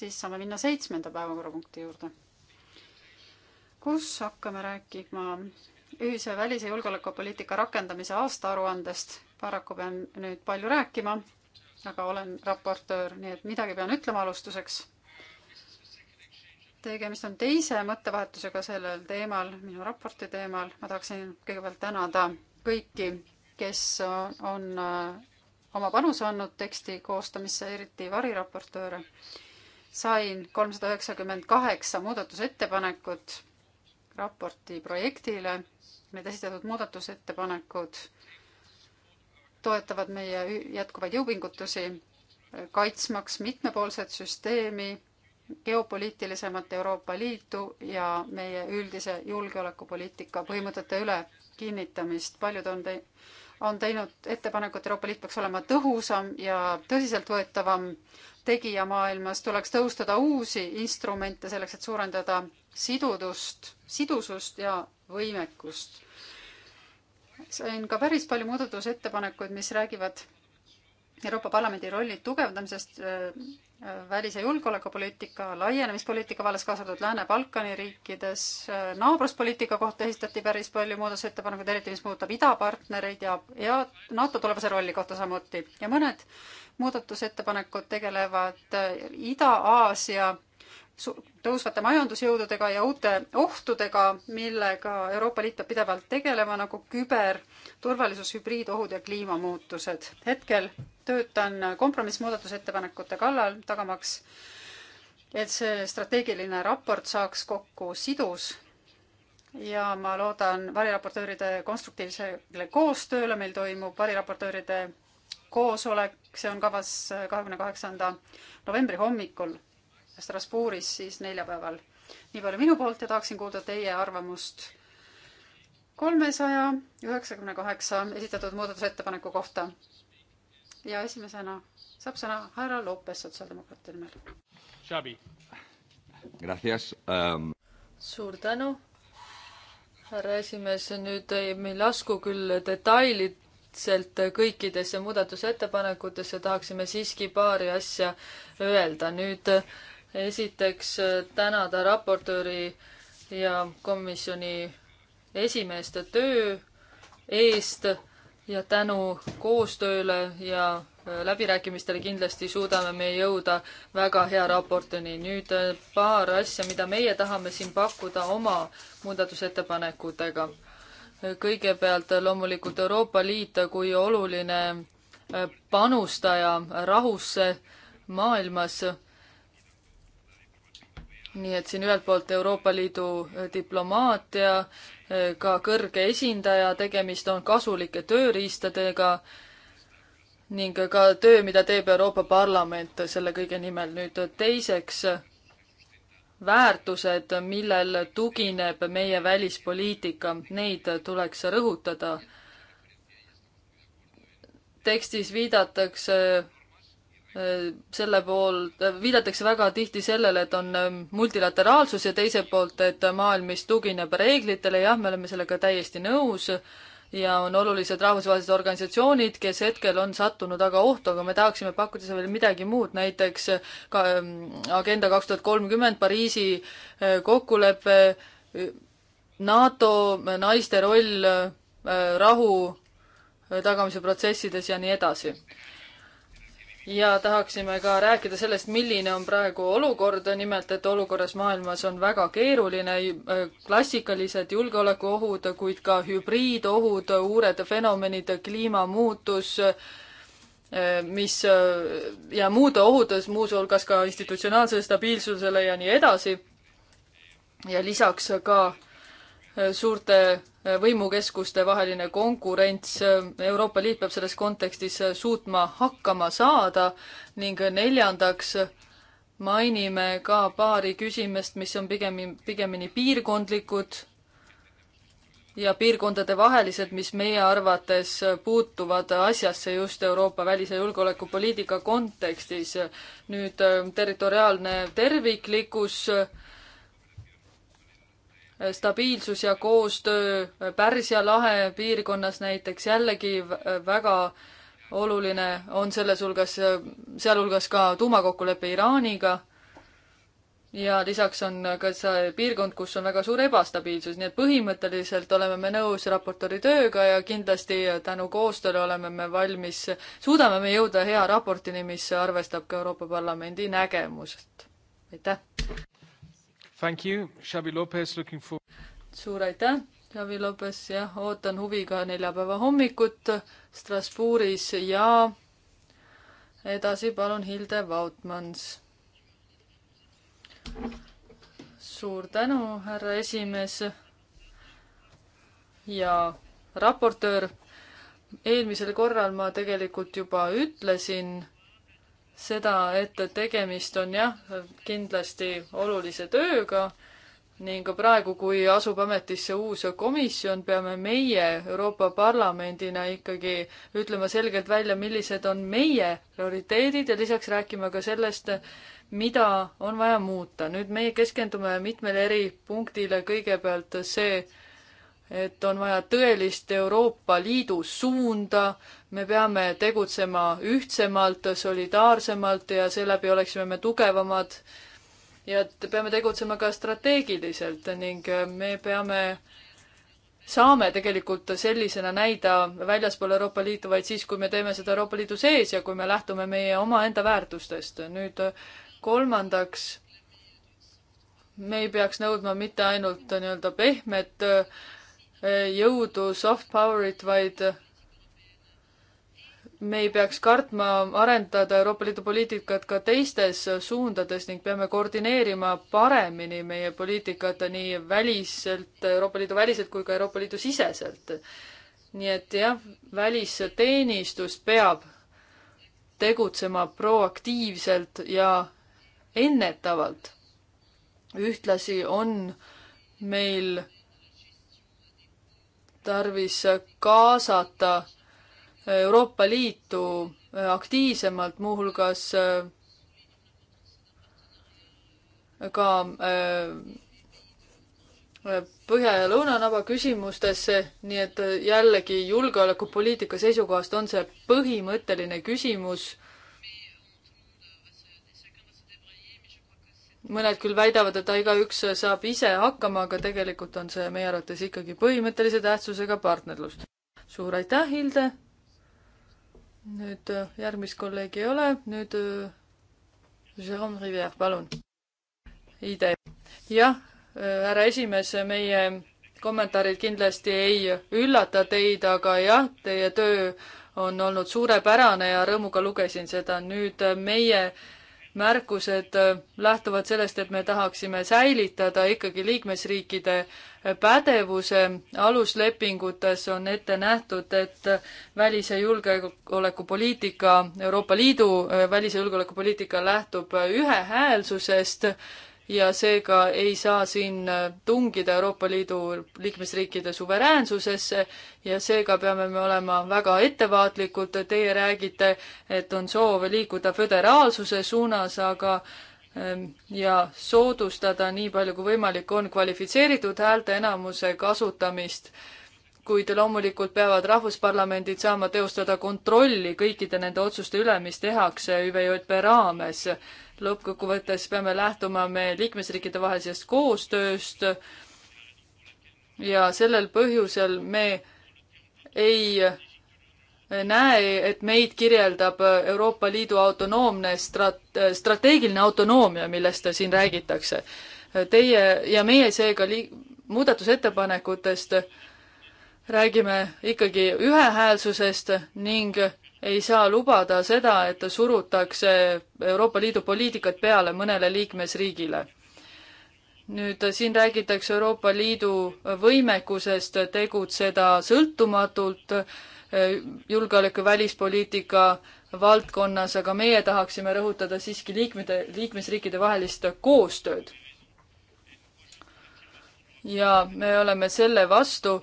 siis saame minna seitsmenda päevakorrapunkti juurde, kus hakkame rääkima ühise välis- ja julgeolekupoliitika rakendamise aastaaruandest. paraku pean nüüd palju rääkima, aga olen raportöör, nii et midagi pean ütlema alustuseks. tegemist on teise mõttevahetusega sellel teemal, minu raporti teemal. ma tahaksin kõigepealt tänada kõiki, kes on oma panuse andnud teksti koostamisse, eriti variraportööre sain kolmsada üheksakümmend kaheksa muudatusettepanekut raporti projektile. Need esitatud muudatusettepanekud toetavad meie jätkuvaid jõupingutusi, kaitsmaks mitmepoolset süsteemi, geopoliitilisemat Euroopa Liitu ja meie üldise julgeolekupoliitika põhimõtete üle kinnitamist. paljud on te-, on teinud ettepaneku, et Euroopa Liit peaks olema tõhusam ja tõsiseltvõetavam tegija maailmas, tuleks tõustada uusi instrumente selleks, et suurendada sidudust, sidusust ja võimekust. sain ka päris palju muudatusettepanekuid, mis räägivad Euroopa Parlamendi rolli tugevdamisest äh, äh, välis- ja julgeolekupoliitika, laienemispoliitika vallas, kaasa arvatud Lääne-Balkani riikides, äh, naabruspoliitika kohta esitati päris palju muudatusettepanekuid, eriti mis puudutab idapartnereid ja, ja NATO tulevase rolli kohta samuti. ja mõned muudatusettepanekud tegelevad Ida-Aasia tõusvate majandusjõududega ja uute ohtudega, millega Euroopa Liit peab pidevalt tegelema, nagu küberturvalisus, hübriidohud ja kliimamuutused. hetkel töötan kompromissmuudatusettepanekute kallal, tagamaks, et see strateegiline raport saaks kokku sidus ja ma loodan variraportööride konstruktiivsele koostööle, meil toimub variraportööride koosolek, see on kavas kahekümne kaheksanda novembri hommikul Strasbourgis siis neljapäeval. nii palju minu poolt ja tahaksin kuulda teie arvamust kolmesaja üheksakümne kaheksa esitatud muudatusettepaneku kohta. ja esimesena saab sõna härra Lopes sotsiaaldemokraatide nimel. Xabi. Gracias um.... suur tänu, härra esimees, nüüd ei, me ei lasku küll detailidselt kõikidesse muudatusettepanekutesse, tahaksime siiski paari asja öelda. nüüd äh, esiteks äh, tänada raportööri ja komisjoni esimeeste töö eest ja tänu koostööle ja äh, läbirääkimistele kindlasti suudame me jõuda väga hea raportini. nüüd äh, paar asja, mida meie tahame siin pakkuda oma muudatusettepanekutega. kõigepealt loomulikult Euroopa Liit kui oluline panustaja rahusse maailmas nii et siin ühelt poolt Euroopa Liidu eh, diplomaatia, eh, ka kõrge esindaja, tegemist on kasulike tööriistadega ning ka töö, mida teeb Euroopa Parlament selle kõige nimel. nüüd teiseks, väärtused, millel tugineb meie välispoliitika, neid tuleks rõhutada. tekstis viidatakse selle poolt, viidatakse väga tihti sellele, et on ähm, multilateraalsus ja teiselt poolt, et maailm, mis tugineb reeglitele, jah, me oleme sellega täiesti nõus ja on olulised rahvusvahelised organisatsioonid, kes hetkel on sattunud aga ohtu, aga me tahaksime pakkuda seal veel midagi muud, näiteks ka ähm, Agenda kaks tuhat kolmkümmend, Pariisi äh, kokkulepe, äh, NATO äh, naiste roll rahu tagamise protsessides ja nii edasi ja tahaksime ka rääkida sellest, milline on praegu olukord, nimelt et olukorras maailmas on väga keeruline äh, klassikalised julgeolekuohud, kuid ka hübriidohud, uued fenomenid, kliimamuutus, äh, mis äh, ja muud ohud, muuseas ka institutsionaalsele stabiilsusele ja nii edasi. ja lisaks ka suurte võimukeskuste vaheline konkurents, Euroopa Liit peab selles kontekstis suutma hakkama saada ning neljandaks mainime ka paari küsimust, mis on pigem, pigemini piirkondlikud ja piirkondadevahelised, mis meie arvates puutuvad asjasse just Euroopa välis- ja julgeolekupoliitika kontekstis. nüüd territoriaalne terviklikkus stabiilsus ja koostöö Pärsia lahe piirkonnas näiteks jällegi väga oluline on selles hulgas, sealhulgas ka tuumakokkulepe Iraaniga. ja lisaks on ka see piirkond, kus on väga suur ebastabiilsus, nii et põhimõtteliselt oleme me nõus raportööri tööga ja kindlasti tänu koostööle oleme me valmis, suudame me jõuda hea raportini, mis arvestab ka Euroopa Parlamendi nägemust. aitäh! Thank you, Xavi Lopez, looking for. suur aitäh, Xavi Lopez, jah, ootan huviga neljapäeva hommikut Strasbourgis ja edasi palun Hilde Vautmans. suur tänu, härra esimees ja raportöör. eelmisel korral ma tegelikult juba ütlesin seda, et tegemist on jah, kindlasti olulise tööga ning ka praegu, kui asub ametisse uus komisjon, peame meie Euroopa Parlamendina ikkagi ütlema selgelt välja, millised on meie prioriteedid ja lisaks rääkima ka sellest, mida on vaja muuta. nüüd meie keskendume mitmele eri punktile, kõigepealt see, et on vaja tõelist Euroopa Liidu suunda, me peame tegutsema ühtsemalt, solidaarsemalt ja seeläbi oleksime me tugevamad. ja et peame tegutsema ka strateegiliselt ning me peame, saame tegelikult sellisena näida väljaspool Euroopa Liitu vaid siis, kui me teeme seda Euroopa Liidu sees ja kui me lähtume meie omaenda väärtustest. nüüd kolmandaks, me ei peaks nõudma mitte ainult nii-öelda pehmet Äh, jõudu, soft power'it, vaid me ei peaks kartma arendada Euroopa Liidu poliitikat ka teistes suundades ning peame koordineerima paremini meie poliitikat nii väliselt, Euroopa Liidu väliselt kui ka Euroopa Liidu siseselt. nii et jah, välisteenistus peab tegutsema proaktiivselt ja ennetavalt. ühtlasi on meil tarvis kaasata Euroopa Liitu aktiivsemalt, muuhulgas äh, ka äh, põhja- ja lõunanaba küsimustesse, nii et äh, jällegi julgeolekupoliitika seisukohast on see põhimõtteline küsimus mõned küll väidavad, et igaüks saab ise hakkama, aga tegelikult on see meie arvates ikkagi põhimõttelise tähtsusega partnerlus. suur aitäh, Hilde! nüüd äh, järgmist kolleegi ei ole, nüüd äh, Jérôme Rivière, palun. idee. jah, äh, härra esimees, meie kommentaarid kindlasti ei üllata teid, aga jah, teie töö on olnud suurepärane ja rõõmuga lugesin seda. nüüd meie märkused äh, lähtuvad sellest, et me tahaksime säilitada ikkagi liikmesriikide äh, pädevuse. aluslepingutes on ette nähtud, et äh, välis- ja julgeolekupoliitika, Euroopa Liidu välis- ja julgeolekupoliitika lähtub ühehäälsusest ja seega ei saa siin äh, tungida Euroopa Liidu liikmesriikide suveräänsusesse ja seega peame me olema väga ettevaatlikud, teie räägite, et on soov liikuda föderaalsuse suunas, aga ähm, ja soodustada nii palju kui võimalik on kvalifitseeritud häälteenamuse kasutamist kuid loomulikult peavad rahvusparlamendid saama teostada kontrolli kõikide nende otsuste üle, mis tehakse ÜVJP raames lõppkokkuvõttes peame lähtuma me liikmesriikide vahelisest koostööst ja sellel põhjusel me ei näe, et meid kirjeldab Euroopa Liidu autonoomne strat-, strateegiline autonoomia, millest siin räägitakse. Teie ja meie seega liik-, muudatusettepanekutest räägime ikkagi ühehäälsusest ning ei saa lubada seda, et surutakse Euroopa Liidu poliitikat peale mõnele liikmesriigile. nüüd siin räägitakse Euroopa Liidu võimekusest tegutseda sõltumatult eh, julgeoleku välispoliitika valdkonnas, aga meie tahaksime rõhutada siiski liikmete, liikmesriikide vahelist koostööd. ja me oleme selle vastu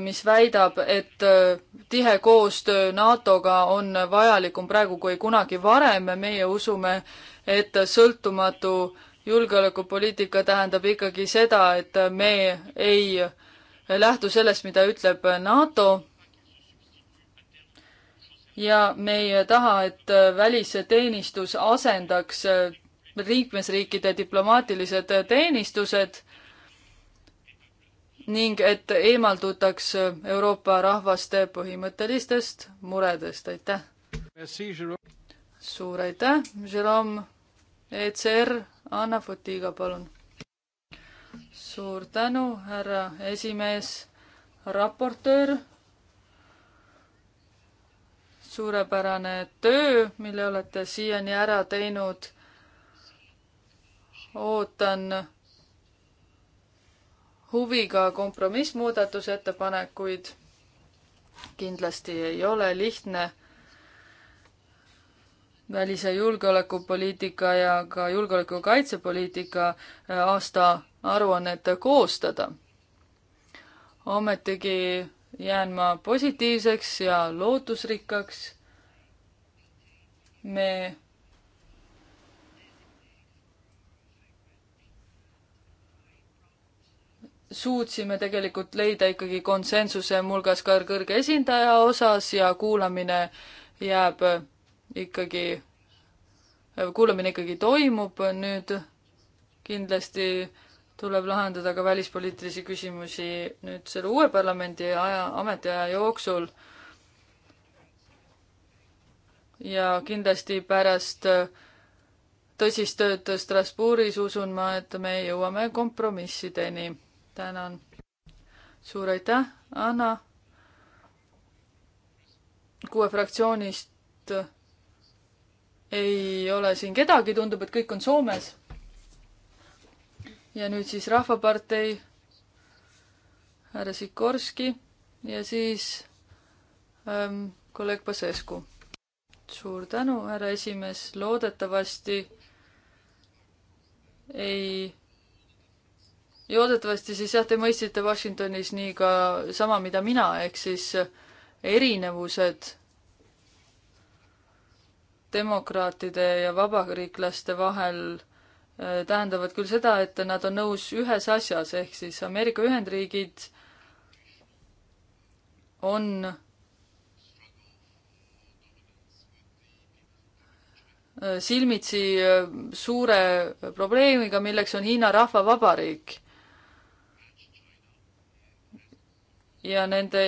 mis väidab, et äh, tihe koostöö NATO-ga on vajalikum praegu kui kunagi varem ja meie usume, et sõltumatu julgeolekupoliitika tähendab ikkagi seda, et me ei lähtu sellest, mida ütleb NATO. ja me ei taha, et välisteenistus asendaks äh, liikmesriikide diplomaatilised teenistused ning et eemaldutaks Euroopa rahvaste põhimõttelistest muredest, aitäh! suur aitäh, Jerome! ECR, Anna Fotiga, palun! suur tänu, härra esimees, raportöör! suurepärane töö, mille olete siiani ära teinud. ootan huviga kompromissmuudatusettepanekuid. kindlasti ei ole lihtne välis- ja julgeolekupoliitika ja ka julgeoleku- ja kaitsepoliitika äh, aasta aruannet koostada. ometigi jään ma positiivseks ja lootusrikkaks. me suutsime tegelikult leida ikkagi konsensuse muuhulgas ka kõrge esindaja osas ja kuulamine jääb ikkagi, kuulamine ikkagi toimub, nüüd kindlasti tuleb lahendada ka välispoliitilisi küsimusi nüüd selle uue parlamendi aja, ametiaja jooksul. ja kindlasti pärast tõsist tööd Strasbourgis usun ma, et me jõuame kompromissideni tänan. suur aitäh, Anna. kuue fraktsioonist ei ole siin kedagi, tundub, et kõik on Soomes. ja nüüd siis Rahvapartei, härra Sikorski ja siis ähm, kolleeg Pasescu. suur tänu, härra esimees, loodetavasti ei ja loodetavasti siis jah, te mõistsite Washingtonis nii ka sama, mida mina, ehk siis erinevused demokraatide ja vabariiklaste vahel äh, tähendavad küll seda, et nad on nõus ühes asjas, ehk siis Ameerika Ühendriigid on silmitsi äh, suure probleemiga, milleks on Hiina Rahvavabariik. ja nende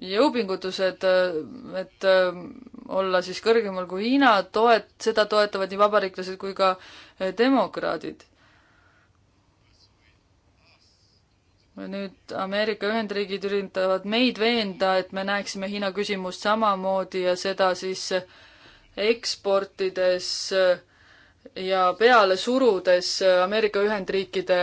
jõupingutused, et äh, olla siis kõrgemal kui Hiina, toet-, seda toetavad nii vabariiklased kui ka äh, demokraadid. nüüd Ameerika Ühendriigid üritavad meid veenda, et me näeksime Hiina küsimust samamoodi ja seda siis eksportides äh, ja peale surudes Ameerika Ühendriikide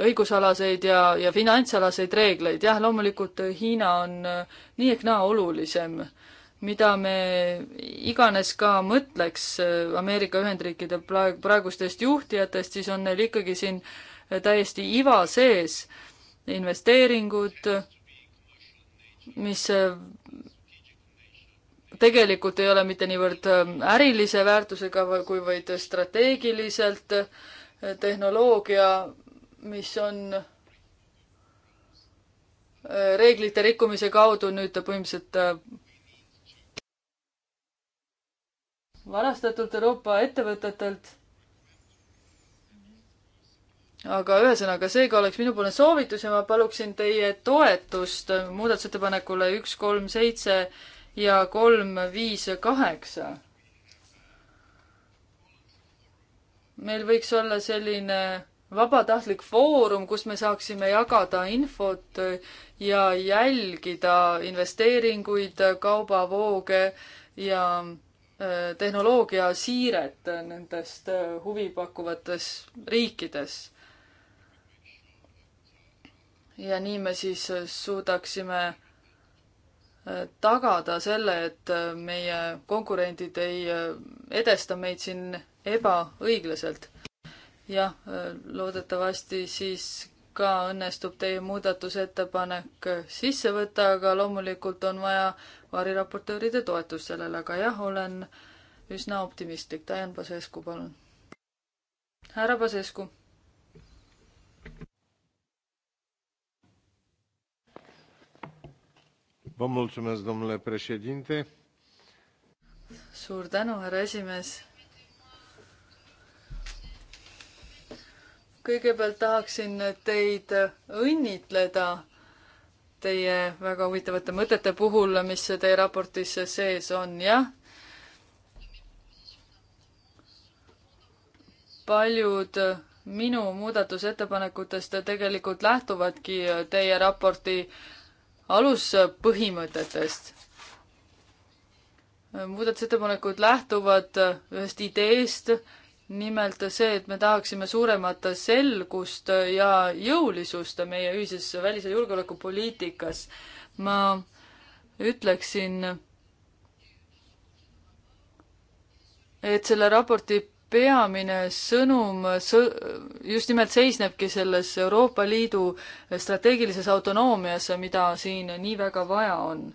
õigusalaseid ja, ja finantsalaseid reegleid, jah, loomulikult Hiina on äh, nii ehk naa olulisem, mida me iganes ka mõtleks äh, Ameerika Ühendriikide praeg-, praegustest juhtijatest, siis on neil ikkagi siin äh, täiesti iva sees investeeringud, mis tegelikult ei ole mitte niivõrd ärilise väärtusega, kuivõid strateegiliselt tehnoloogia mis on äh, reeglite rikkumise kaudu nüüd põhimõtteliselt äh, varastatult Euroopa ettevõtetelt. aga ühesõnaga, seega oleks minupoolne soovitus ja ma paluksin teie toetust muudatusettepanekule üks, kolm, seitse ja kolm, viis, kaheksa. meil võiks olla selline vabatahtlik foorum, kus me saaksime jagada infot ja jälgida investeeringuid, kaubavooge ja äh, tehnoloogia siiret nendest äh, huvipakkuvates riikides. ja nii me siis äh, suudaksime tagada selle, et meie konkurendid ei edesta meid siin ebaõiglaselt jah, loodetavasti siis ka õnnestub teie muudatusettepanek sisse võtta, aga loomulikult on vaja variraportööride toetust sellele, aga jah, olen üsna optimistlik. Diane Pasescu, palun. härra Pasescu. suur tänu, härra esimees kõigepealt tahaksin teid õnnitleda teie väga huvitavate mõtete puhul, mis teie raportis sees on, jah. paljud minu muudatusettepanekutest tegelikult lähtuvadki teie raporti aluspõhimõtetest. muudatusettepanekud lähtuvad ühest ideest, nimelt see, et me tahaksime suuremat selgust ja jõulisust meie ühises välis- ja julgeolekupoliitikas. ma ütleksin, et selle raporti peamine sõnum sõ-, just nimelt seisnebki selles Euroopa Liidu strateegilises autonoomias, mida siin nii väga vaja on.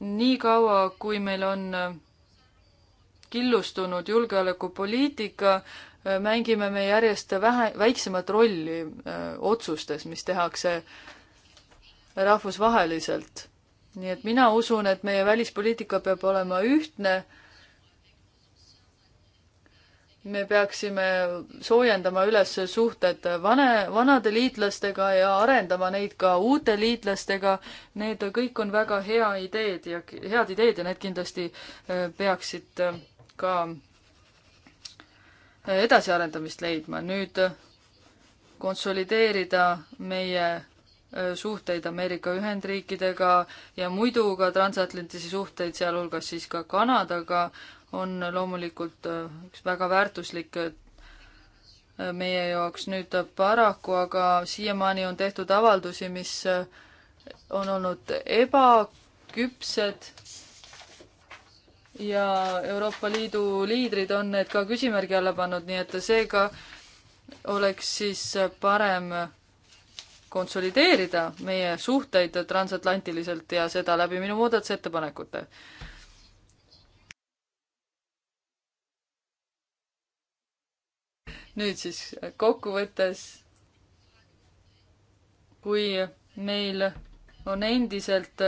niikaua, kui meil on killustunud julgeolekupoliitika, äh, mängime me järjest vähe, väiksemat rolli öö, äh, otsustes, mis tehakse rahvusvaheliselt. nii et mina usun, et meie välispoliitika peab olema ühtne. me peaksime soojendama üles suhted vane, vanade liitlastega ja arendama neid ka uute liitlastega. Need kõik on väga hea ideed ja head ideed ja need kindlasti öö, äh, peaksid öö, ka edasiarendamist leidma. nüüd konsolideerida meie äh, suhteid Ameerika Ühendriikidega ja muidu ka transatlantilisi suhteid, sealhulgas siis ka Kanadaga, on loomulikult äh, üks väga väärtuslik äh, meie jaoks nüüd paraku, aga siiamaani on tehtud avaldusi, mis on olnud ebaküpsed ja Euroopa Liidu liidrid on need ka küsimärgi alla pannud, nii et seega oleks siis parem konsolideerida meie suhteid transatlantiliselt ja seda läbi minu muudatusettepanekute. nüüd siis kokkuvõttes, kui meil on endiselt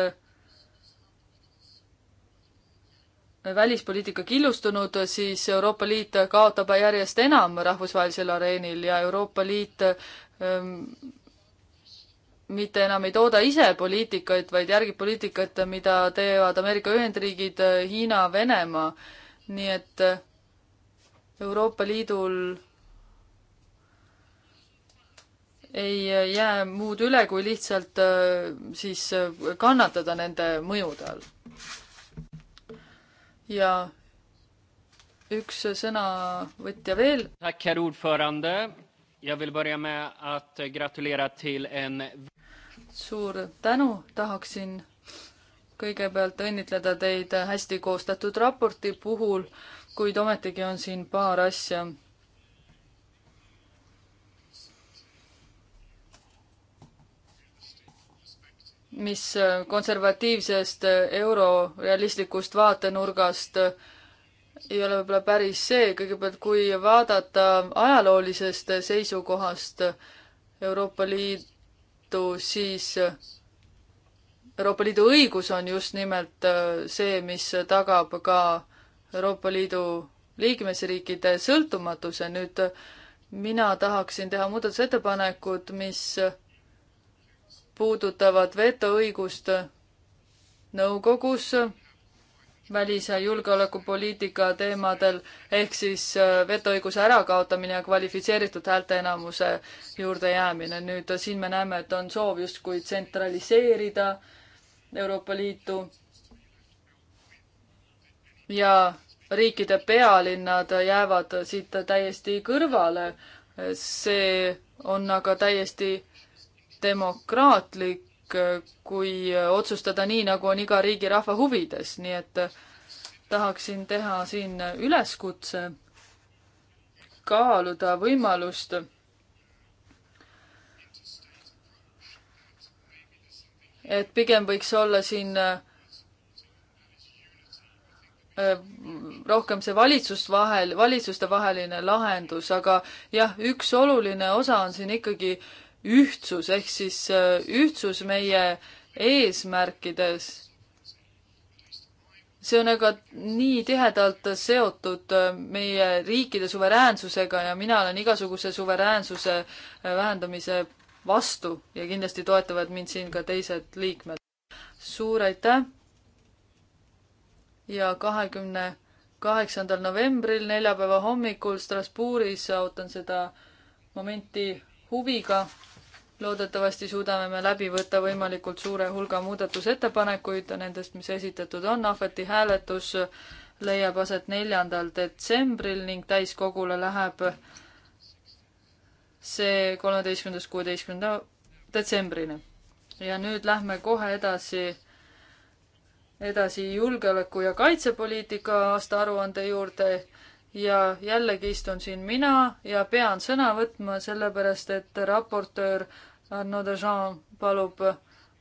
välispoliitika killustunud, siis Euroopa Liit kaotab järjest enam rahvusvahelisel areenil ja Euroopa Liit ähm, mitte enam ei tooda ise poliitikaid, vaid järgib poliitikat, mida teevad Ameerika Ühendriigid, Hiina, Venemaa. nii et Euroopa Liidul ei jää muud üle, kui lihtsalt äh, siis kannatada nende mõjude all ja üks sõnavõtja veel. suur tänu, tahaksin kõigepealt õnnitleda teid hästi koostatud raporti puhul, kuid ometigi on siin paar asja, mis äh, konservatiivsest äh, eurorealistlikust vaatenurgast äh, ei ole võib-olla päris see, kõigepealt kui vaadata ajaloolisest seisukohast Euroopa Liitu, siis Euroopa Liidu õigus on just nimelt see, mis tagab ka Euroopa Liidu liikmesriikide sõltumatuse. nüüd mina tahaksin teha muudatusettepanekud, mis puudutavad vetoõigust nõukogus välis- ja julgeolekupoliitika teemadel, ehk siis äh, vetoõiguse ärakaotamine ja kvalifitseeritud häälteenamuse juurde jäämine. nüüd äh, siin me näeme, et on soov justkui tsentraliseerida Euroopa Liitu ja riikide pealinnad jäävad siit täiesti kõrvale. Äh, see on aga täiesti demokraatlik, kui otsustada nii, nagu on iga riigi rahva huvides, nii et tahaksin teha siin üleskutse kaaluda võimalust et pigem võiks olla siin äh, rohkem see valitsust vahel, valitsuste vaheline lahendus, aga jah, üks oluline osa on siin ikkagi äh, ühtsus ehk siis äh, ühtsus meie eesmärkides. see on aga nii tihedalt seotud äh, meie riikide suveräänsusega ja mina olen igasuguse suveräänsuse äh, vähendamise vastu ja kindlasti toetavad mind siin ka teised liikmed. suur aitäh! ja kahekümne kaheksandal novembril, neljapäeva hommikul Strasbourgis ootan seda momenti huviga loodetavasti suudame me läbi võtta võimalikult suure hulga muudatusettepanekuid nendest, mis esitatud on, ahveti hääletus leiab aset neljandal detsembril ning täiskogule läheb see kolmeteistkümnendast kuueteistkümnenda detsembrini. ja nüüd lähme kohe edasi, edasi julgeoleku- ja kaitsepoliitika aastaaruande juurde ja jällegi istun siin mina ja pean sõna võtma, sellepärast et raportöör Arno Dejean palub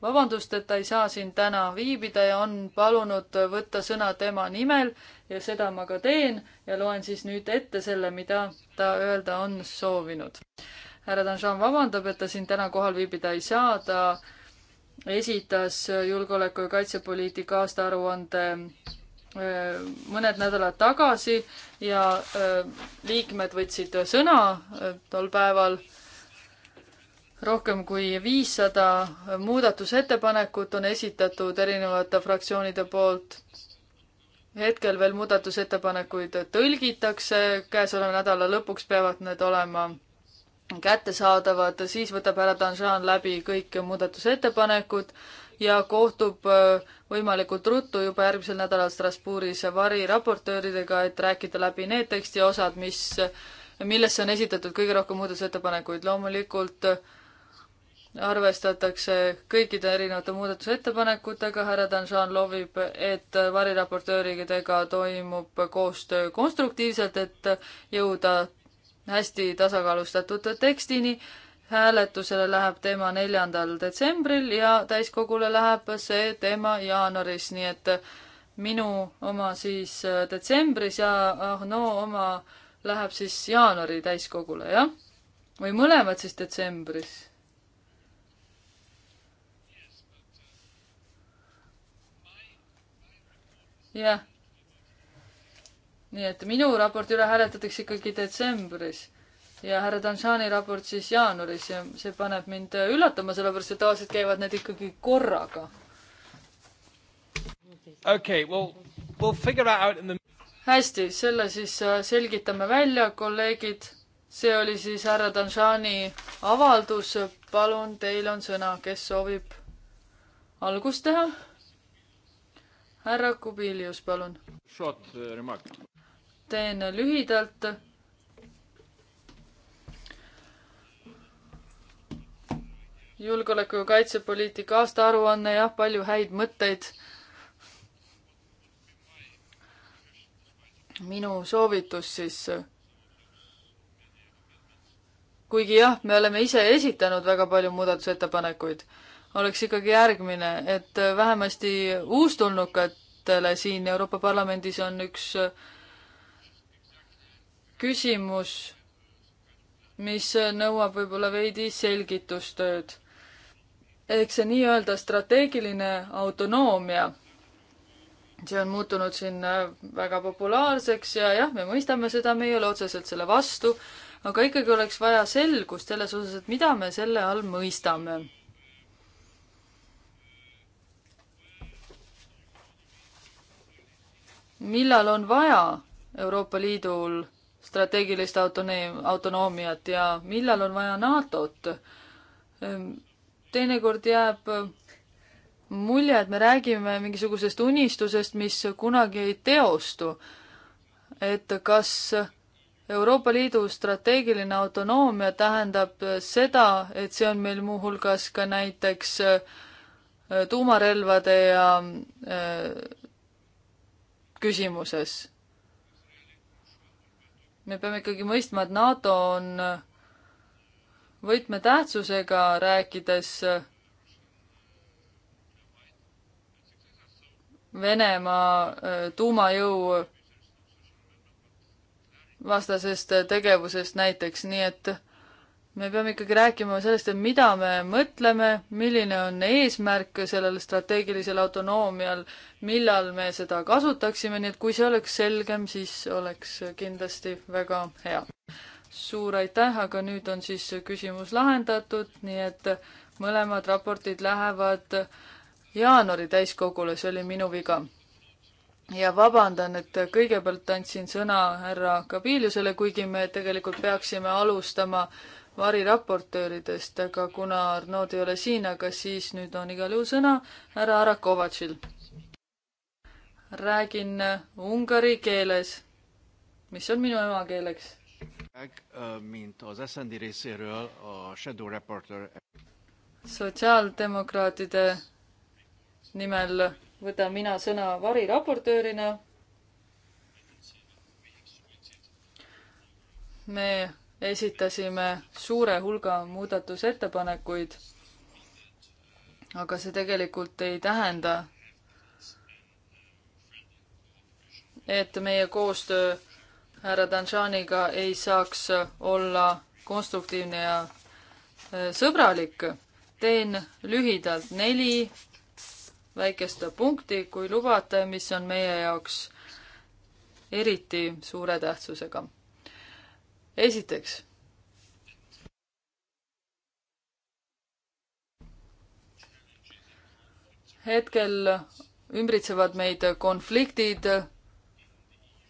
vabandust, et ta ei saa siin täna viibida ja on palunud võtta sõna tema nimel ja seda ma ka teen ja loen siis nüüd ette selle, mida ta öelda on soovinud. härra Danjean vabandab, et ta siin täna kohal viibida ei saa, ta esitas julgeoleku- ja kaitsepoliitika aastaaruande Äh, mõned nädalad tagasi ja äh, liikmed võtsid sõna äh, tol päeval. rohkem kui viissada muudatusettepanekut on esitatud erinevate fraktsioonide poolt. hetkel veel muudatusettepanekuid tõlgitakse, käesoleva nädala lõpuks peavad need olema kättesaadavad, siis võtab härra Danjan läbi kõik muudatusettepanekud ja kohtub äh, võimalikult ruttu juba järgmisel nädalal Strasbourgis variraportööridega, et rääkida läbi need tekstiosad, mis, millesse on esitatud kõige rohkem muudatusettepanekuid. loomulikult arvestatakse kõikide erinevate muudatusettepanekutega, härra Danšan loovib, et variraportööridega toimub koostöö konstruktiivselt, et jõuda hästi tasakaalustatud tekstini hääletusele läheb teema neljandal detsembril ja täiskogule läheb see teema jaanuaris, nii et minu oma siis äh, detsembris ja Ahno oma läheb siis jaanuari täiskogule, jah? või mõlemad siis detsembris? jah. nii et minu raporti üle hääletatakse ikkagi detsembris ja härra Danšani raport siis jaanuaris ja see paneb mind üllatama, sellepärast et tavaliselt käivad need ikkagi korraga. okei okay,, well, we'll figure out in the hästi, selle siis äh, selgitame välja, kolleegid. see oli siis härra Danšani avaldus. palun, teil on sõna, kes soovib algust teha? härra Kubilius, palun. Äh, teen lühidalt julgeoleku ja kaitsepoliitika aastaaruanne, jah, palju häid mõtteid. minu soovitus siis. kuigi jah, me oleme ise esitanud väga palju muudatusettepanekuid, oleks ikkagi järgmine, et vähemasti uustulnukatele siin Euroopa Parlamendis on üks küsimus mis nõuab võib-olla veidi selgitustööd ehk see nii-öelda strateegiline autonoomia. see on muutunud siin äh, väga populaarseks ja jah, me mõistame seda, me ei ole otseselt selle vastu, aga ikkagi oleks vaja selgust selles osas, et mida me selle all mõistame. millal on vaja Euroopa Liidul strateegilist autoneem-, autonoomiat ja millal on vaja NATO-t? Ehm, teinekord jääb äh, mulje, et me räägime mingisugusest unistusest, mis kunagi ei teostu. et kas Euroopa Liidu strateegiline autonoomia tähendab äh, seda, et see on meil muuhulgas ka näiteks äh, tuumarelvade ja küsimuses. me peame ikkagi mõistma, et NATO on võtmetähtsusega, rääkides Venemaa äh, tuumajõu vastasest tegevusest näiteks, nii et me peame ikkagi rääkima sellest, et mida me mõtleme, milline on eesmärk sellel strateegilisel autonoomial, millal me seda kasutaksime, nii et kui see oleks selgem, siis oleks kindlasti väga hea suur aitäh, aga nüüd on siis küsimus lahendatud, nii et mõlemad raportid lähevad jaanuari täiskogule, see oli minu viga. ja vabandan, et kõigepealt andsin sõna härra Kabiliusele, kuigi me tegelikult peaksime alustama variraportööridest, aga kuna Arnold ei ole siin, aga siis nüüd on igal juhul sõna härra Arakovatšil. räägin ungari keeles, mis on minu emakeeleks Mint az SND részéről a Shadow Reporter. Sotsiaaldemokraatide nimel võtan mina sõna variraportöörina. me esitasime suure hulga muudatusettepanekuid, aga see tegelikult ei tähenda, et meie koostöö härra Danšaniga ei saaks olla konstruktiivne ja äh, sõbralik. teen lühidalt neli väikest punkti, kui lubate, mis on meie jaoks eriti suure tähtsusega. esiteks. hetkel ümbritsevad meid konfliktid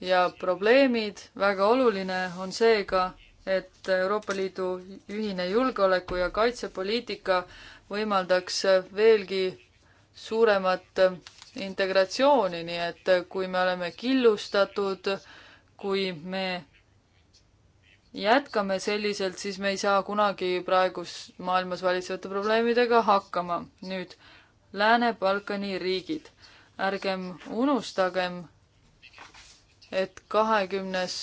ja probleemid. väga oluline on seega, et Euroopa Liidu ühine julgeoleku- ja kaitsepoliitika võimaldaks veelgi suuremat integratsiooni, nii et kui me oleme killustatud, kui me jätkame selliselt, siis me ei saa kunagi praegus maailmas valitsevate probleemidega hakkama. nüüd Lääne-Balkani riigid. ärgem unustagem, et kahekümnes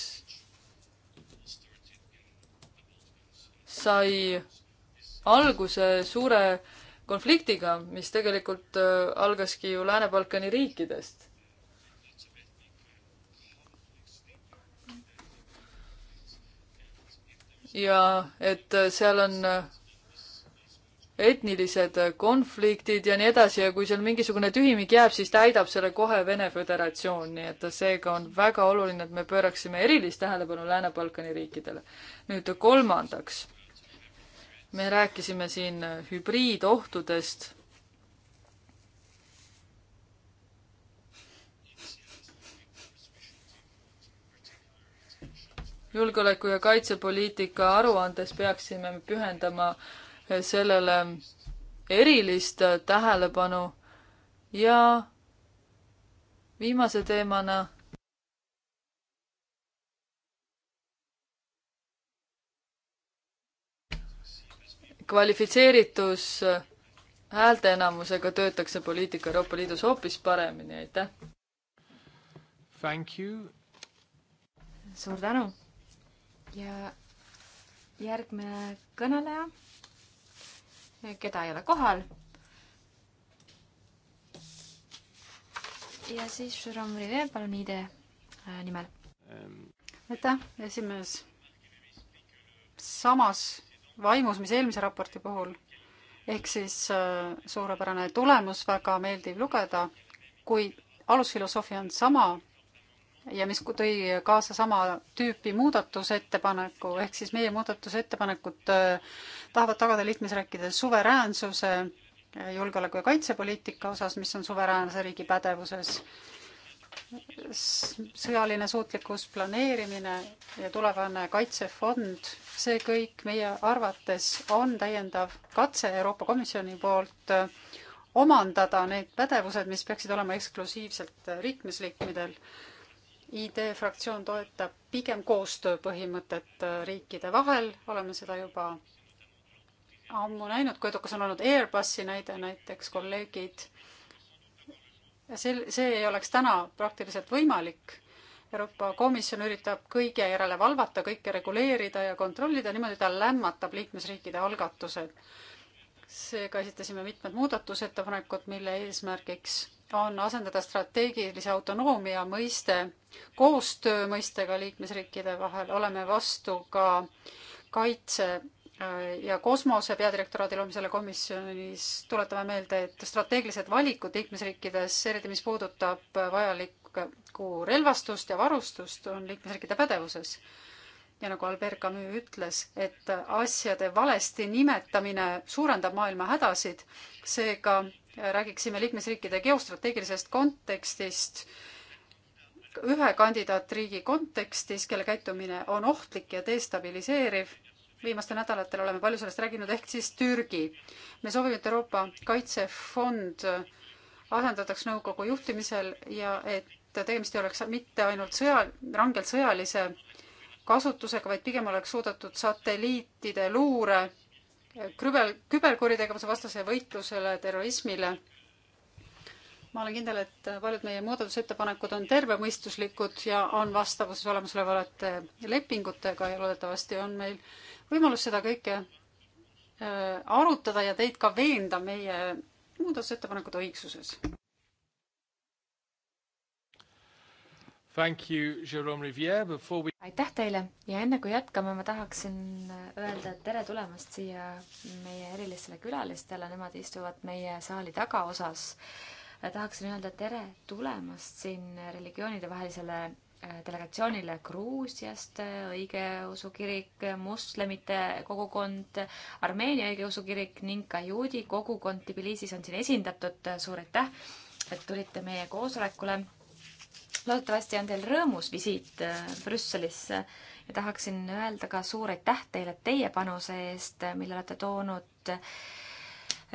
sai alguse suure konfliktiga, mis tegelikult äh, algaski ju Lääne-Balkani riikidest. ja et äh, seal on äh, etnilised konfliktid ja nii edasi ja kui seal mingisugune tühimik jääb, siis täidab selle kohe Vene Föderatsioon, nii et seega on väga oluline, et me pööraksime erilist tähelepanu Lääne-Balkani riikidele. nüüd kolmandaks, me rääkisime siin hübriidohtudest. julgeoleku- ja kaitsepoliitika aruandes peaksime pühendama äh, sellele erilist tähelepanu ja viimase teemana kvalifitseeritus häälteenamusega töötakse poliitika Euroopa Liidus hoopis paremini, aitäh! suur tänu! ja järgmine kõneleja keda ei ole kohal. ja siis Jerome Rivet, palun ID äh, nimel. aitäh, esimees. samas vaimus, mis eelmise raporti puhul ehk siis äh, suurepärane tulemus, väga meeldiv lugeda, kui alusfilosoofia on sama, ja mis tõi kaasa sama tüüpi muudatusettepaneku, ehk siis meie muudatusettepanekud äh, tahavad tagada liikmesriikide suveräänsuse äh, julgeoleku- ja kaitsepoliitika osas, mis on suveräänse riigi pädevuses, sõjaline suutlikkus, planeerimine ja tulevane kaitsefond, see kõik meie arvates on täiendav katse Euroopa Komisjoni poolt äh, omandada need pädevused, mis peaksid olema eksklusiivselt liikmesriikidel ID fraktsioon toetab pigem koostööpõhimõtet äh, riikide vahel, oleme seda juba ammu näinud, kui edukas on olnud Airbusi näide näiteks, kolleegid. sel, see ei oleks täna praktiliselt võimalik. Euroopa Komisjon üritab kõige järele valvata, kõike reguleerida ja kontrollida, niimoodi ta lämmatab liikmesriikide algatused. seega esitasime mitmed muudatusettepanekud, mille eesmärgiks on asendada strateegilise autonoomia mõiste koostöö mõistega liikmesriikide vahel, oleme vastu ka kaitse äh, ja kosmose peadirektoraadi loomisele komisjonis tuletame meelde, et strateegilised valikud liikmesriikides, eriti mis puudutab vajalikku relvastust ja varustust, on liikmesriikide pädevuses ja nagu Albert Camus ütles, et asjade valesti nimetamine suurendab maailma hädasid, seega räägiksime liikmesriikide geostrateegilisest kontekstist ühe kandidaatriigi kontekstis, kelle käitumine on ohtlik ja destabiliseeriv. viimastel nädalatel oleme palju sellest rääkinud, ehk siis Türgi. me soovime, et Euroopa Kaitsefond asendataks nõukogu juhtimisel ja et tegemist ei oleks mitte ainult sõja, rangelt sõjalise äh, kasutusega, vaid pigem oleks suudetud satelliitide luure küber, küberkuritegevuse vastase võitlusele, terrorismile. ma olen kindel, et paljud meie muudatusettepanekud on tervemõistuslikud ja on vastavuses olemasolevate lepingutega ja loodetavasti on meil võimalus seda kõike äh, arutada ja teid ka veenda meie muudatusettepanekute õigsuses. We... aitäh teile ja enne kui jätkame, ma tahaksin öelda, et tere tulemast siia meie erilistele külalistele, nemad istuvad meie saali tagaosas. tahaksin öelda tere tulemast siin religioonide vahelisele äh, delegatsioonile Gruusiast, äh, õigeusu kirik, moslemite kogukond, Armeenia õigeusu kirik ning ka juudi kogukond Tbilisis on siin esindatud. suur aitäh, et tulite meie koosolekule loodetavasti on teil rõõmus visiit äh, Brüsselisse ja tahaksin öelda ka suur aitäh teile teie panuse eest, äh, mille olete toonud äh,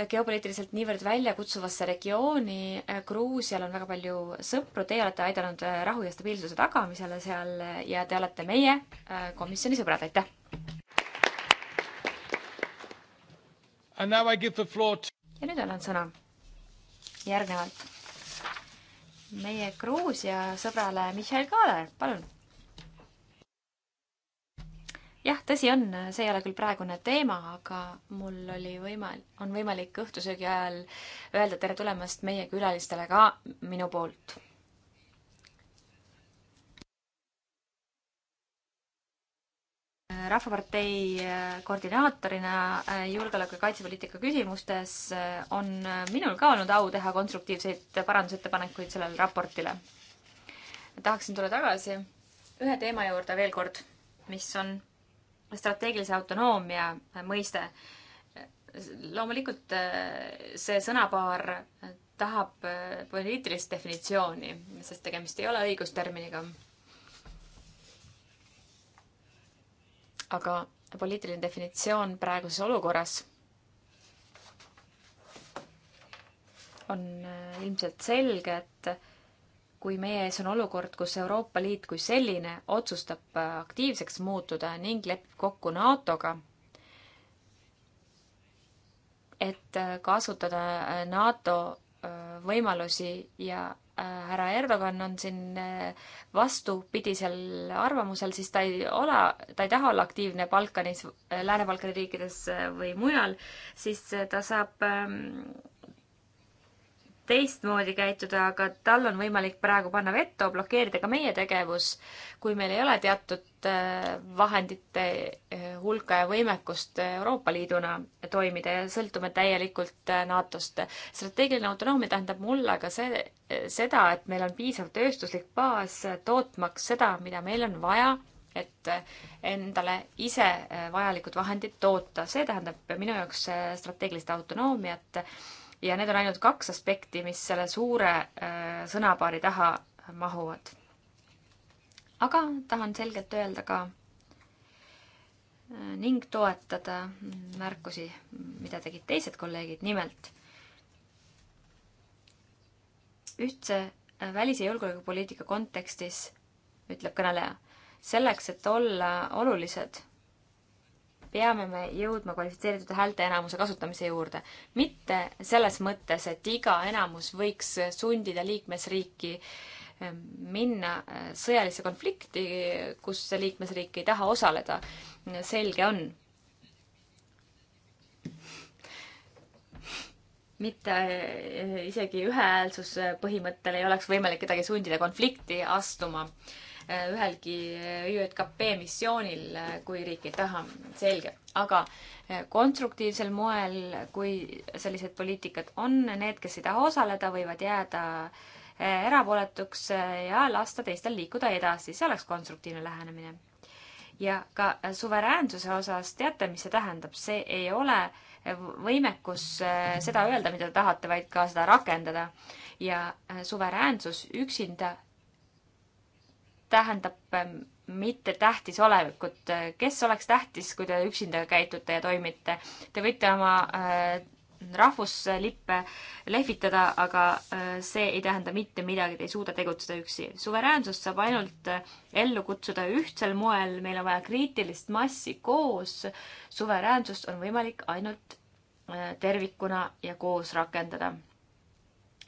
geopoliitiliselt niivõrd väljakutsuvasse regiooni. Gruusial on väga palju sõpru, teie olete aidanud rahu ja stabiilsuse tagamisele seal ja te olete meie komisjoni sõbrad, aitäh! ja nüüd annan sõna järgnevalt meie Gruusia sõbrale Mihhail Kaaler, palun. jah, tõsi on, see ei ole küll praegune teema, aga mul oli võimal-, on võimalik õhtusöögi ajal öelda tere tulemast meie külalistele ka minu poolt Rahvapartei äh, koordinaatorina äh, julgeoleku- ja kaitsepoliitika küsimustes äh, on minul ka olnud au teha konstruktiivseid parandusettepanekuid sellele raportile. tahaksin tulla tagasi ühe teema juurde veel kord, mis on strateegilise autonoomia mõiste. loomulikult see sõnapaar tahab poliitilist definitsiooni, sest tegemist ei ole õigusterminiga aga poliitiline definitsioon praeguses olukorras on äh, ilmselt selge, et kui meie ees on olukord, kus Euroopa Liit kui selline otsustab äh, aktiivseks muutuda ning lepib kokku NATO-ga, et äh, kasutada NATO võimalusi ja härra Erdogan on siin äh, vastupidisel arvamusel, siis ta ei ole, ta ei taha olla aktiivne Balkanis, äh, Lääne-Balkani riikides äh, või mujal, siis ta saab ähm, teistmoodi käituda, aga tal on võimalik praegu panna veto, blokeerida ka meie tegevus, kui meil ei ole teatud äh, vahendite äh, hulka ja võimekust äh, Euroopa Liiduna toimida ja sõltume täielikult NATO-st. strateegiline autonoomia tähendab mulle ka see, seda, et meil on piisav tööstuslik baas tootmaks seda, mida meil on vaja, et endale ise vajalikud vahendid toota. see tähendab minu jaoks strateegilist autonoomiat ja need on ainult kaks aspekti, mis selle suure äh, sõnapaari taha mahuvad. aga tahan selgelt öelda ka äh, ning toetada märkusi, mida tegid teised kolleegid, nimelt ühtse äh, välis- ja julgeolekupoliitika kontekstis, ütleb kõneleja, selleks, et olla olulised peame me jõudma kvalifitseeritud häälteenamuse kasutamise juurde. mitte selles mõttes, et iga enamus võiks sundida liikmesriiki ähm, minna äh, sõjalisse konflikti, kus see liikmesriik ei taha osaleda. selge on. mitte äh, isegi ühehäälsuspõhimõttel ei oleks võimalik kedagi sundida konflikti astuma Äh, ühelgi äh, ÜJKP missioonil, äh, kui riik ei taha, selge. aga konstruktiivsel moel, kui sellised poliitikad on, need, kes ei taha osaleda, võivad jääda erapooletuks ja lasta teistel liikuda edasi, see oleks konstruktiivne lähenemine. ja ka suveräänsuse osas, teate, mis see tähendab, see ei ole võimekus seda öelda, mida te tahate, vaid ka seda rakendada. ja suveräänsus üksinda tähendab ähm, mitte tähtis olevikut. kes oleks tähtis, kui te üksinda käitute ja toimite? Te võite oma äh, rahvuslippe lehvitada, aga äh, see ei tähenda mitte midagi, te ei suuda tegutseda üksi. suveräänsust saab ainult äh, ellu kutsuda ühtsel moel, meil on vaja kriitilist massi koos. suveräänsust on võimalik ainult tervikuna ja koos rakendada.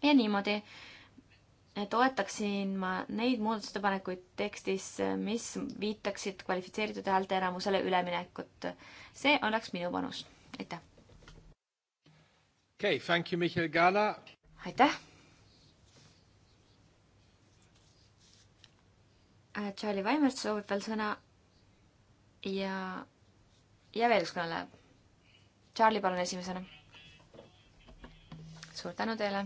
ja niimoodi äh, toetaksin ma neid muudatusettepanekuid tekstis, mis viitaksid kvalifitseeritud häälteenamusele üleminekut. see oleks minu panus, aitäh. okei okay,, thank you, Mihhail Gala. aitäh. Äh, Charlie Vaimert soovib veel sõna. ja, ja veel üks kõneleja. Charlie, palun esimesena. suur tänu teile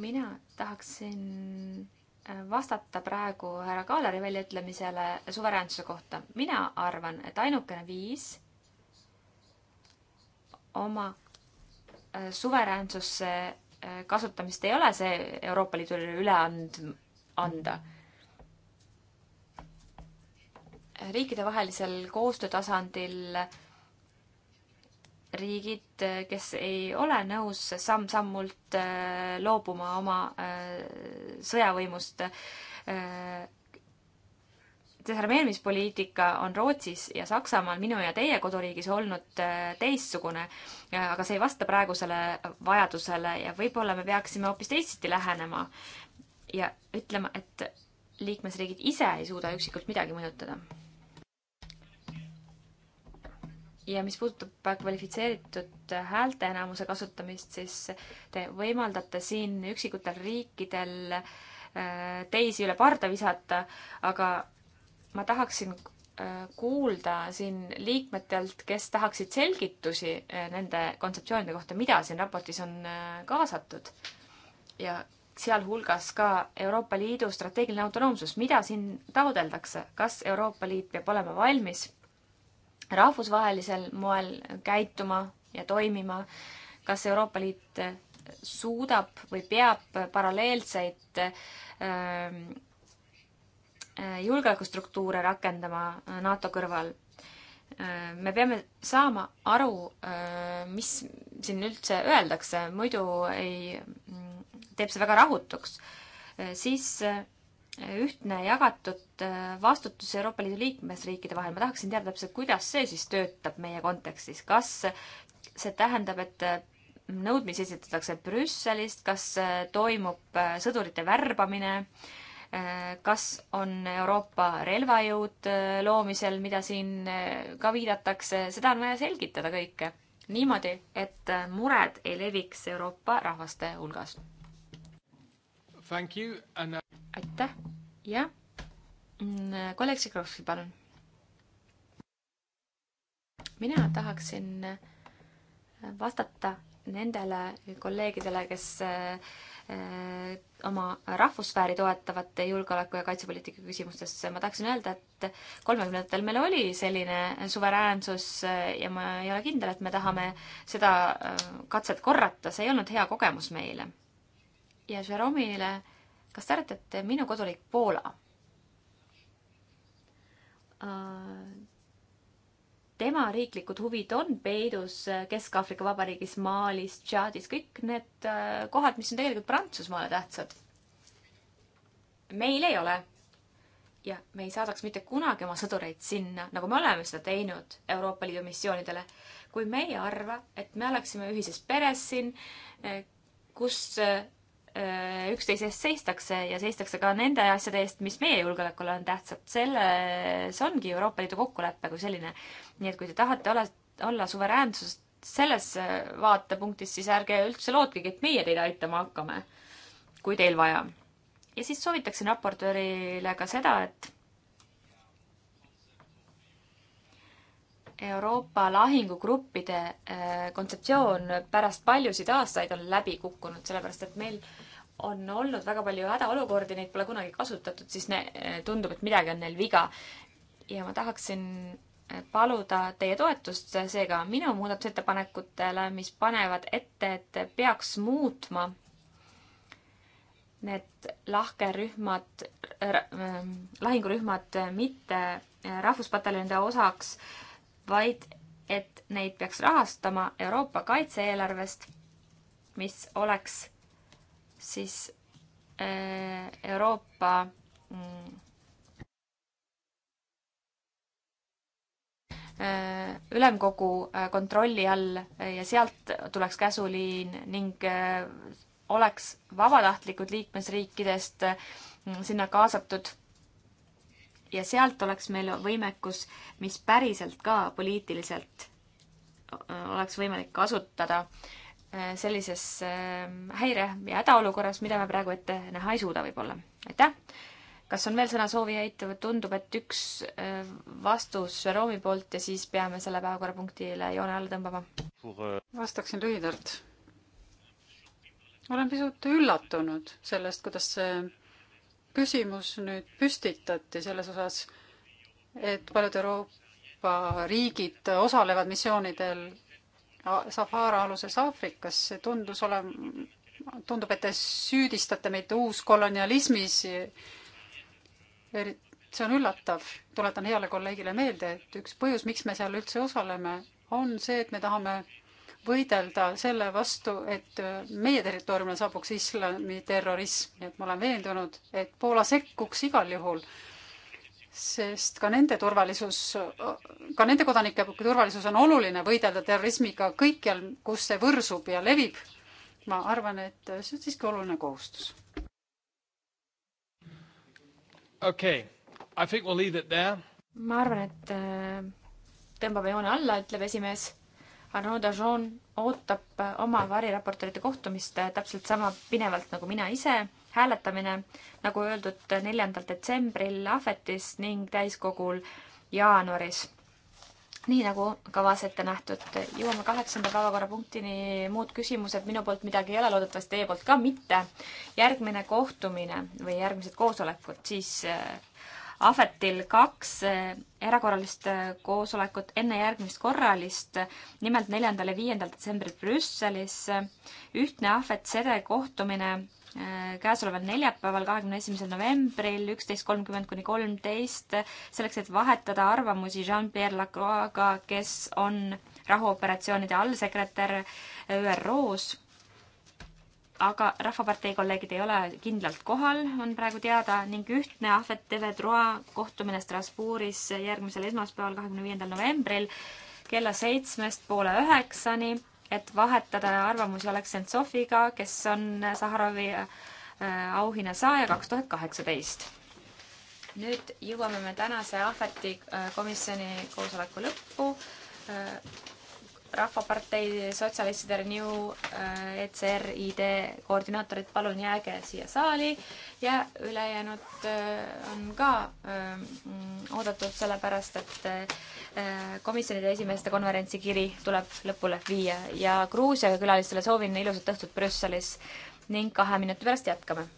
mina tahaksin äh, vastata praegu härra Kaaleri väljaütlemisele suveräänsuse kohta. mina arvan, et ainukene viis oma äh, suveräänsusse äh, kasutamist ei ole see Euroopa Liidule üle and-, anda riikidevahelisel koostöötasandil riigid, eh, kes ei ole nõus samm-sammult eh, loobuma oma eh, sõjavõimust. desarmeerimispoliitika on Rootsis ja Saksamaal, minu ja teie koduriigis olnud teistsugune, aga see ei vasta praegusele vajadusele ja võib-olla me peaksime hoopis teisiti lähenema ja ütlema, et liikmesriigid ise ei suuda üksikult midagi mõjutada ja mis puudutab kvalifitseeritud häälteenamuse kasutamist, siis te võimaldate siin üksikutel riikidel äh, teisi üle parda visata, aga ma tahaksin äh, kuulda siin liikmetelt, kes tahaksid selgitusi äh, nende kontseptsioonide kohta, mida siin raportis on kaasatud. ja sealhulgas ka Euroopa Liidu strateegiline autonoomsus, mida siin taodeldakse, kas Euroopa Liit peab olema valmis rahvusvahelisel moel käituma ja toimima. kas Euroopa Liit suudab või peab paralleelseid ähm, äh, julgeolekustruktuure rakendama NATO kõrval? Äh, me peame saama aru, äh, mis siin üldse öeldakse, muidu ei, mm, teeb see väga rahutuks. siis ühtne jagatud äh, vastutus Euroopa Liidu liikmesriikide vahel, ma tahaksin teada täpselt, kuidas see siis töötab meie kontekstis, kas see tähendab, et äh, nõudmisi esitatakse Brüsselist, kas äh, toimub sõdurite värbamine, kas on Euroopa relvajõud loomisel, mida siin ka viidatakse, seda on vaja selgitada kõike niimoodi, et mured ei leviks Euroopa rahvaste hulgas And... Uh, aitäh, jah. Mm, kolleeg Sikrovski, palun. mina tahaksin äh, vastata nendele kolleegidele, kes äh, äh, oma rahvussfääri toetavate julgeoleku- ja kaitsepoliitika küsimustes, ma tahaksin öelda, et kolmekümnendatel meil oli selline suveräänsus ja ma ei ole kindel, et me tahame seda katset korrata, see ei olnud hea kogemus meile ja Jeromile, kas te arvate, et minu kodulik Poola äh, tema riiklikud huvid on peidus Kesk-Aafrika Vabariigis, Malis, Tšaadis, kõik need äh, kohad, mis on tegelikult Prantsusmaale tähtsad. meil ei ole. ja me ei saadaks mitte kunagi oma sõdureid sinna, nagu me oleme seda teinud Euroopa Liidu missioonidele, kui me ei arva, et me oleksime ühises peres siin, äh, kus Äh, üksteise eest seistakse ja seistakse ka nende asjade eest, mis meie julgeolekule on tähtsad. selles ongi Euroopa Liidu kokkulepe kui selline. nii et kui te tahate olla, olla suveräänsus selles äh, vaatepunktis, siis ärge üldse lootkegi, et meie teid aitama hakkame, kui teil vaja. ja siis soovitaksin raportöörile ka seda, et Euroopa lahingugruppide äh, kontseptsioon pärast paljusid aastaid on läbi kukkunud, sellepärast et meil on olnud väga palju hädaolukordi, neid pole kunagi kasutatud, siis ne-, tundub, et midagi on neil viga. ja ma tahaksin äh, paluda teie toetust seega minu muudatusettepanekutele, mis panevad ette, et peaks muutma need lahkerühmad äh,, lahingurühmad mitte rahvuspataljonide osaks äh,, vaid et neid peaks rahastama Euroopa kaitse-eelarvest, mis oleks siis äh, Euroopa mm, äh, ülemkogu äh, kontrolli all ja sealt tuleks käsuliin ning oleks vabatahtlikud liikmesriikidest mm, sinna kaasatud ja sealt oleks meil võimekus, mis päriselt ka poliitiliselt oleks võimalik kasutada sellises häire- ja hädaolukorras, mida me praegu ette näha ei suuda võib-olla. aitäh! kas on veel sõnasoovijaid? tundub, et üks vastus Jeroomi poolt ja siis peame selle päevakorrapunktile joone alla tõmbama. vastaksin lühidalt. olen pisut üllatunud sellest, kuidas see küsimus nüüd püstitati selles osas, et paljud Euroopa riigid osalevad missioonidel Sahara aluses Aafrikas, see tundus olema, tundub, et te süüdistate meid uuskolonialismis. see on üllatav, tuletan heale kolleegile meelde, et üks põhjus, miks me seal üldse osaleme, on see, et me tahame võidelda selle vastu, et meie territooriumile saabuks islamiterrorism, nii et ma olen veendunud, et Poola sekkuks igal juhul, sest ka nende turvalisus, ka nende kodanike turvalisus on oluline võidelda terrorismiga kõikjal, kus see võrsub ja levib. ma arvan, et see on siiski oluline kohustus. okei okay., I think we will leave it there. ma arvan, et äh, tõmbame joone alla, ütleb esimees Arno Dajon ootab äh, oma variraportorite kohtumist äh, täpselt sama pinevalt nagu mina ise. hääletamine, nagu öeldud, neljandal detsembril Ahvetis ning täiskogul jaanuaris. nii nagu kavas ette nähtud, jõuame kaheksanda päevakorrapunktini, muud küsimused minu poolt midagi ei ole, loodetavasti teie poolt ka mitte. järgmine kohtumine või järgmised koosolekud siis äh, Ahvetil kaks eh, erakorralist eh, koosolekut enne järgmist korralist, nimelt neljandal ja viiendal detsembril Brüsselis. ühtne Ahvet-Sede kohtumine eh, käesoleval neljapäeval, kahekümne esimesel novembril üksteist kolmkümmend kuni kolmteist, selleks, et vahetada arvamusi Jean-Pierre Lacroix'ga, kes on rahuoperatsioonide allsekretär ÜRO-s aga Rahvapartei kolleegid ei ole kindlalt kohal, on praegu teada, ning ühtne Ahvet TV Troa kohtumine Strasbourgis järgmisel esmaspäeval, kahekümne viiendal novembril kella seitsmest poole üheksani, et vahetada arvamusi Oleksandr Sofiga, kes on Saharovi äh, auhinna saaja kaks tuhat kaheksateist. nüüd jõuame me tänase Ahveti äh, komisjoni koosoleku lõppu äh, Rahvapartei, Sotsialistide Renew, äh, ECR, ID koordinaatorid, palun jääge siia saali ja ülejäänud äh, on ka äh, oodatud, sellepärast et komisjonide esimeeste konverentsi kiri tuleb lõpule viia ja Gruusia külalistele soovin ilusat õhtut Brüsselis ning kahe minuti pärast jätkame